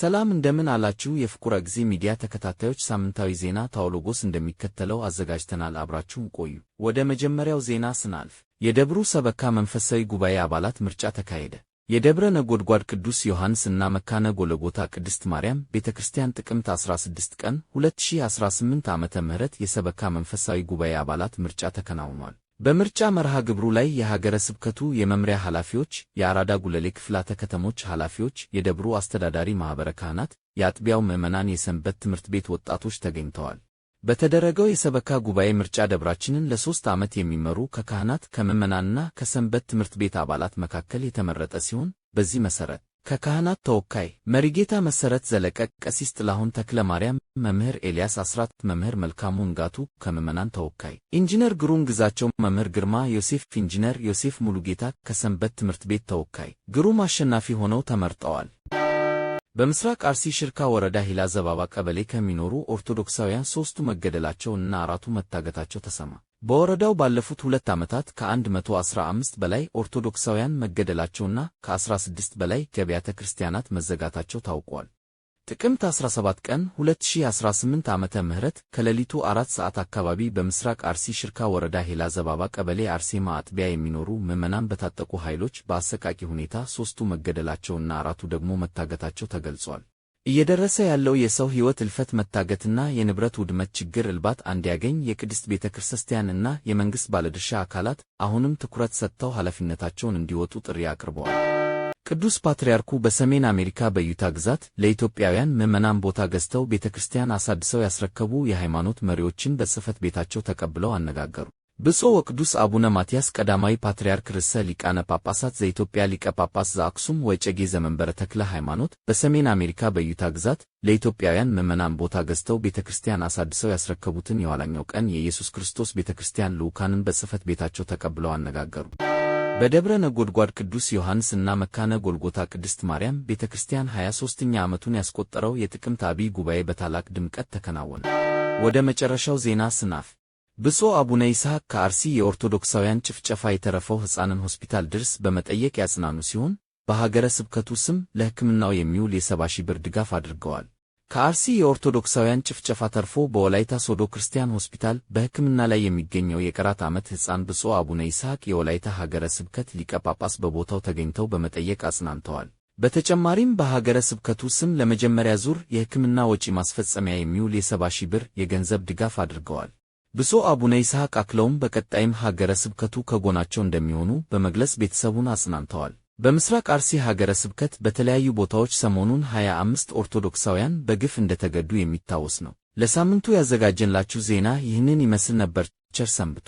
ሰላም እንደምን አላችሁ የፍቁር ጊዜ ሚዲያ ተከታታዮች፣ ሳምንታዊ ዜና ታውሎጎስ እንደሚከተለው አዘጋጅተናል። አብራችሁን ቆዩ። ወደ መጀመሪያው ዜና ስናልፍ የደብሩ ሰበካ መንፈሳዊ ጉባኤ አባላት ምርጫ ተካሄደ። የደብረ ነጎድጓድ ቅዱስ ዮሐንስ እና መካነ ጎለጎታ ቅድስት ማርያም ቤተ ክርስቲያን ጥቅምት 16 ቀን 2018 ዓ ም የሰበካ መንፈሳዊ ጉባኤ አባላት ምርጫ ተከናውኗል። በምርጫ መርሃ ግብሩ ላይ የሀገረ ስብከቱ የመምሪያ ኃላፊዎች፣ የአራዳ ጉለሌ ክፍላተ ከተሞች ኃላፊዎች፣ የደብሩ አስተዳዳሪ፣ ማኅበረ ካህናት፣ የአጥቢያው ምዕመናን፣ የሰንበት ትምህርት ቤት ወጣቶች ተገኝተዋል። በተደረገው የሰበካ ጉባኤ ምርጫ ደብራችንን ለሦስት ዓመት የሚመሩ ከካህናት ከምዕመናንና ከሰንበት ትምህርት ቤት አባላት መካከል የተመረጠ ሲሆን በዚህ መሠረት ከካህናት ተወካይ መሪጌታ መሰረት ዘለቀ፣ ቀሲስ ጥላሁን ተክለ ማርያም፣ መምህር ኤልያስ አስራት፣ መምህር መልካሙ ንጋቱ፣ ከምዕመናን ተወካይ ኢንጂነር ግሩም ግዛቸው፣ መምህር ግርማ ዮሴፍ፣ ኢንጂነር ዮሴፍ ሙሉጌታ ከሰንበት ትምህርት ቤት ተወካይ ግሩም አሸናፊ ሆነው ተመርጠዋል። በምስራቅ አርሲ ሽርካ ወረዳ ሂላ ዘባባ ቀበሌ ከሚኖሩ ኦርቶዶክሳውያን ሦስቱ መገደላቸው እና አራቱ መታገታቸው ተሰማ። በወረዳው ባለፉት ሁለት ዓመታት ከ115 በላይ ኦርቶዶክሳውያን መገደላቸውና ከ16 በላይ አብያተ ክርስቲያናት መዘጋታቸው ታውቋል። ጥቅምት 17 ቀን 2018 ዓመተ ምህረት ከሌሊቱ አራት ሰዓት አካባቢ በምስራቅ አርሲ ሽርካ ወረዳ ሄላ ዘባባ ቀበሌ አርሴማ አጥቢያ የሚኖሩ ምዕመናን በታጠቁ ኃይሎች በአሰቃቂ ሁኔታ ሦስቱ መገደላቸውና አራቱ ደግሞ መታገታቸው ተገልጿል። እየደረሰ ያለው የሰው ሕይወት እልፈት መታገትና የንብረት ውድመት ችግር እልባት እንዲያገኝ የቅድስት ቤተ ክርስቲያንና የመንግሥት ባለድርሻ አካላት አሁንም ትኩረት ሰጥተው ኃላፊነታቸውን እንዲወጡ ጥሪ አቅርበዋል። ቅዱስ ፓትርያርኩ በሰሜን አሜሪካ በዩታ ግዛት ለኢትዮጵያውያን ምዕመናን ቦታ ገዝተው ቤተ ክርስቲያን አሳድሰው ያስረከቡ የሃይማኖት መሪዎችን በጽሕፈት ቤታቸው ተቀብለው አነጋገሩ። ብፁዕ ወቅዱስ አቡነ ማትያስ ቀዳማዊ ፓትርያርክ ርዕሰ ሊቃነ ጳጳሳት ዘኢትዮጵያ ሊቀ ጳጳስ ዘአክሱም ወዕጨጌ ዘመንበረ ተክለ ሃይማኖት በሰሜን አሜሪካ በዩታ ግዛት ለኢትዮጵያውያን ምዕመናን ቦታ ገዝተው ቤተ ክርስቲያን አሳድሰው ያስረከቡትን የኋላኛው ቀን የኢየሱስ ክርስቶስ ቤተ ክርስቲያን ልዑካንን በጽሕፈት ቤታቸው ተቀብለው አነጋገሩ። በደብረ ነጎድጓድ ቅዱስ እና መካነ ጎልጎታ ቅድስት ማርያም ቤተ ክርስቲያን 23ኛ ዓመቱን ያስቆጠረው የጥቅምት አብይ ጉባኤ በታላቅ ድምቀት ተከናወነ። ወደ መጨረሻው ዜና ስናፍ ብፁዕ አቡነ ይስሐቅ ከአርሲ የኦርቶዶክሳውያን ጭፍጨፋ የተረፈው ሕፃንን ሆስፒታል ድርስ በመጠየቅ ያጽናኑ ሲሆን በሀገረ ስብከቱ ስም ለሕክምናው የሚውል የሰባ ሺህ ብር ድጋፍ አድርገዋል። ከአርሲ የኦርቶዶክሳውያን ጭፍጨፋ ተርፎ በወላይታ ሶዶ ክርስቲያን ሆስፒታል በሕክምና ላይ የሚገኘው የቀራት ዓመት ሕፃን ብፁዕ አቡነ ይስሐቅ የወላይታ ሀገረ ስብከት ሊቀ ጳጳስ በቦታው ተገኝተው በመጠየቅ አጽናንተዋል። በተጨማሪም በሀገረ ስብከቱ ስም ለመጀመሪያ ዙር የሕክምና ወጪ ማስፈጸሚያ የሚውል የሰባ ሺህ ብር የገንዘብ ድጋፍ አድርገዋል። ብፁዕ አቡነ ይስሐቅ አክለውም በቀጣይም ሀገረ ስብከቱ ከጎናቸው እንደሚሆኑ በመግለጽ ቤተሰቡን አጽናንተዋል። በምስራቅ አርሲ ሀገረ ስብከት በተለያዩ ቦታዎች ሰሞኑን 25 ኦርቶዶክሳውያን በግፍ እንደተገዱ የሚታወስ ነው። ለሳምንቱ ያዘጋጀንላችሁ ዜና ይህንን ይመስል ነበር። ቸር ሰንብቱ።